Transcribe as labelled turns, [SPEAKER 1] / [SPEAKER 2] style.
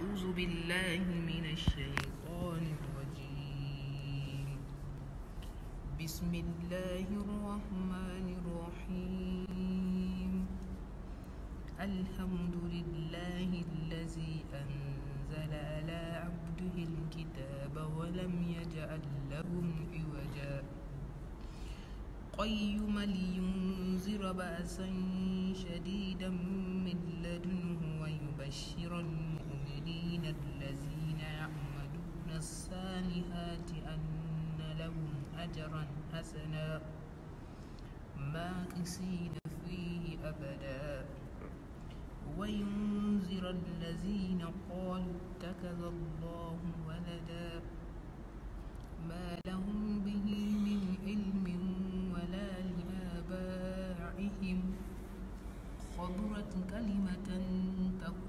[SPEAKER 1] أعوذ بالله من الشيطان الرجيم بسم الله الرحمن الرحيم الحمد لله الذي أنزل على عبده الكتاب ولم يجعل لهم عوجا قيما لينذر بأسا شديدا من لدنه ويبشر الناس أن لهم أجرا حسنا ما ماكسين فيه أبدا وينذر الذين قالوا اتخذ الله ولدا ما لهم به من علم ولا لآبائهم خبرت كلمة تقول